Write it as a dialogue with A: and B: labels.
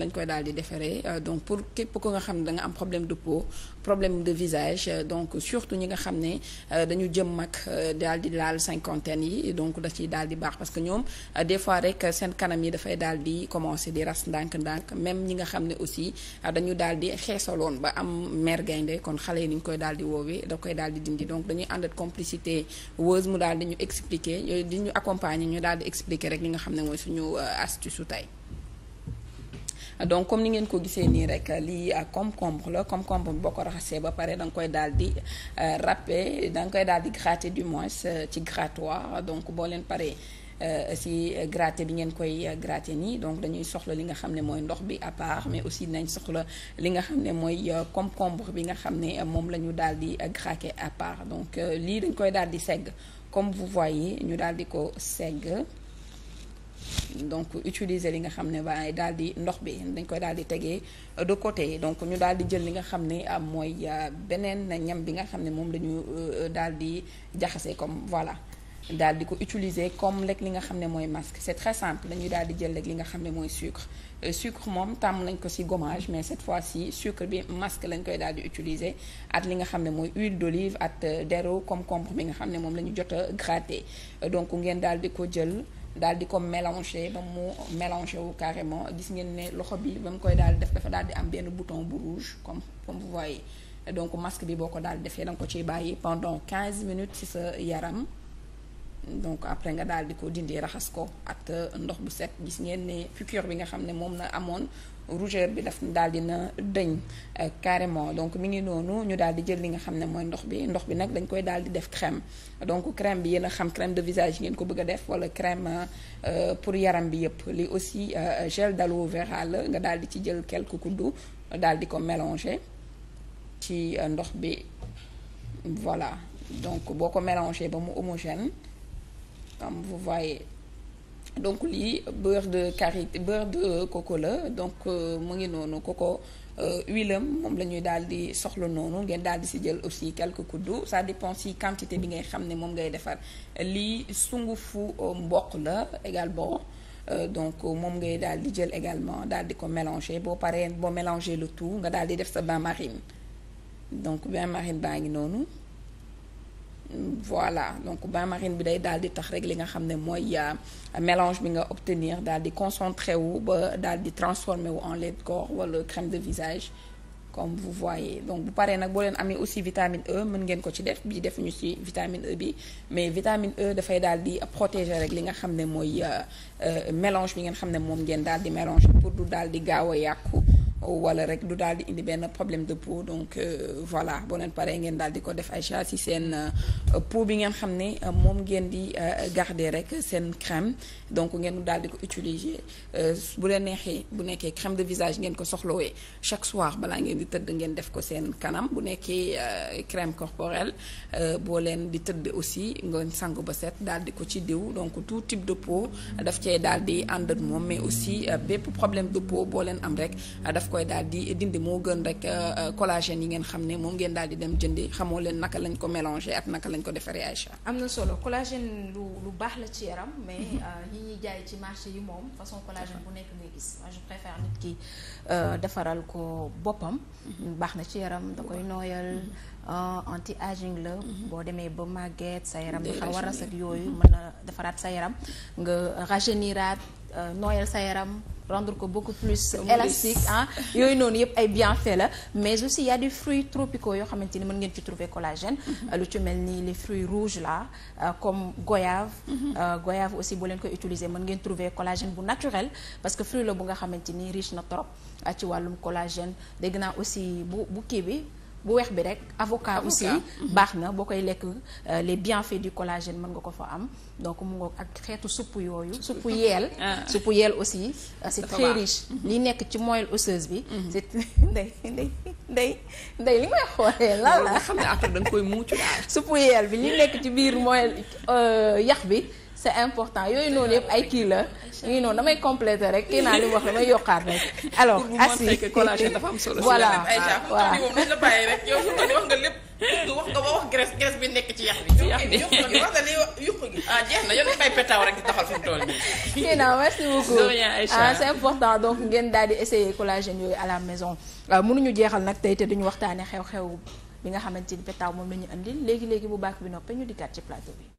A: lañ koy daal di defaree euh, donc pour képp ko nga xam ne danga am problème de peau problème de visage euh, donc surtout ñi nga xam ne euh, dañu jëm mag daal di laal cinquantaine yi donc da ciy daal di baax parce que ñoom des fois rek seen kanam yi dafay daal di commencer di ras ndànk-ndànk même ñi nga xam ne aussi dañu daal di xeesaloon ba am mer gaynde kon xale yi ni ñu koy daal di woowee da koy daal di dindi donc dañuy ànd ak complicité Weuze mu daal di ñu expliquer di ñu accompagner ñu daal di expliquer rek li nga xam ne mooy suñu astuce su tey donc comme ni ngeen ko gisee nii rek lii ak concombre la concombre boo ko raxasee ba pare da koy daal di euh, râper da koy daal di gratter du moins euh, ci grattoir donc boo leen paree. Euh, si euh, bi ngeen koy euh, nii donc dañuy soxla li nga xam ne mooy ndox bi à part mais aussi nañ soxla li nga xam ne mooy euh, concombre bi nga xam ne moom la ñu daal di craquer à part donc lii dañ koy daal di segg comme vous voyez ñu daal di ko segg donc utiliser li nga xam ne waaye daal di ndox bi dañ koy daal di tegee de côté donc ñu daal di jël li nga xam ne euh, mooy euh, beneen ñam bi nga xam ne moom la ñu euh, daal di jaxase comme voilà daal di ko utiliser comme rek li nga xam ne mooy masque c'est très simple dañuy daal di jël rek li nga xam ne mooy sucre sucre moom tàmm nañ ko ci gommage mais cette fois-ci sucre bi masque lañ koy daal di utiliser at li nga xam ne mooy huile d'olive at dero comme compromis bi nga xam ne moom la ñu jot a donc ngeen daal di ko jël daal di ko mélangé ba mu mélangé wu carrément gis ngeen ne loxo bi ba mu koy daal def dafa daal di am benn bouton bu rouge comme comme vous voyez donc masque bi boo ko daal defee da nga ko ciy bàyyi pendant quinze minutes ci sa yaram. donc après nga daal di ko dindi raxas ko at ndox bu set gis ngeen ne piqûre bi nga xam ne moom na amoon rougeur bi daf daal di na dëñ euh, carrément donc mi ngi noonu ñu daal di jël li nga xam ne mooy ndox bi ndox bi nag dañ koy daal di def crème donc crème bi yéen a xam crème de visage ngeen ko bëgg def wala crème euh, pour yaram bi yëpp li aussi euh, gel d'aloe vera la nga daal di ci jël quelques kuddu daal di ko mélanger ci ndox bi voilà donc boo ko mélanger ba mu homogène comme vous voyez donc lii beurre de karité beurre de coco la donc euh, mu ngi noonu koko euh, huilam moom la ñuy daal di soxla noonu ngeen daal di si jël aussi quelques kuddu sa dépend si quantité bi ngay xam ne moom ngay defar lii sungufu euh, mboq la également donc moom ngay daal di jël également daal di ko mélanger boo paree boo mélanger le tout nga daal di def sa bain marine donc bain marine baa ngi noonu voilà donc bain marine bi day daal di tax rek li nga xam ne mooy euh, mélange bi nga obtenir daal di concentré wu ba daal di transformé wu en lait de corps wala crème de visage comme vous voyez donc bu paree nag boo leen amee aussi vitamine E mën ngeen ko ci def bi defuñu ci vitamine E bi mais vitamine E dafay daal di protéger rek li nga xam ne mooy euh, euh, mélange bi ngeen xam ne moom ngeen daal di mélange pour du daal di gaaw a yàqu wala rek du daal di indi benn problème de peau donc euh, voilà boo leen pare ngeen daal di ko def Aïcha si seen euh, peau bi ngeen xam ne euh, moom ngeen di garder rek seen crème donc ngeen daal di ko utiliser bu leen neexee bu nekkee crème de visage ngeen ko soxlawee chaque soir balaa ngeen di tëdd ngeen def ko seen kanam bu nekkee crème corporelle boo leen di tëdd aussi ngeen sangu ba set daal di ko ci diw donc tout type de peau daf cay daal di ànd moom mais aussi bépp problème de peau boo leen am rek daf koy daal di dindi moo gën rek euh, euh, collagen yi ngeen xam ne moom ngeen daal di dem jëndi xamoo leen naka lañ ko mélangé ak naka lañ ko defaree Aïcha.
B: am na solo collagène lu lu baax la ci yaram mais yi mhm. euh, ñuy jaay ci marché yi moom façon collagène bu nekk ngay gis moi je préfère nit ki mhm. defaral ko boppam. Mhm. baax na ci yaram da koy nooyal. anti aging la. boo demee ba màgget sa yaram. dafa war a set yooyu mën na defaraat sa yaram nga rajeuniraat. Euh, noyal sa yaram rendre ko beaucoup plus élastique ah yooyu noonu yëpp ay bienfait la mais aussi y a des fruits tropicaux yoo xamante ni mën ngeen ci trouver collagène mhm. euh, lu ci mel ni les fruits rouges la euh, comme goyave mhm. goyave aussi boo leen koy utiliser mën ngeen trouver collagène bu naturel parce que fruit la bu nga xamante ni riche na trop ci wàllum collagène dégg naa aussi bu bu kii bi bu weex bi rek avocat aussi mm-hmm. baax na boo koy lekk euh, les bienfaits du collagène mën nga ko fa am donc mu ngoog ak xeetu supp yooyu suppu yeel ah. suppu yeel aussi euh, c'est très riche mm-hmm. li nekk ci moelle osseuse bi mm-hmm. c'est ndey ndey ndey ndey li may xoolee la xam ne
A: après da koy muucu
B: daal suppu yeel bi li nekk ci biir moelle euh, yax bi c' est important yooyu noonu yëpp ay kii la ñu noonu damay compléter rek kii naa li mu wax damay
A: yokkaat rek. alors assis collage dafa am solo. voilà ah, waaw wax
B: nga ba wax graisse graisse bi nekk ci yax bi. Ah, di doxal fi toll nii. kii eh merci beaucoup ah c' important donc ngeen daal di essayer collagène yooyu à la maison. waaw euh, mënuñu jeexal nag tey te duñu waxtaane xew-xew bi nga xamante ni pétaw moom la ñu andi léegi léegi bu baax bi noppee ñu dikkaat ci plateau bi.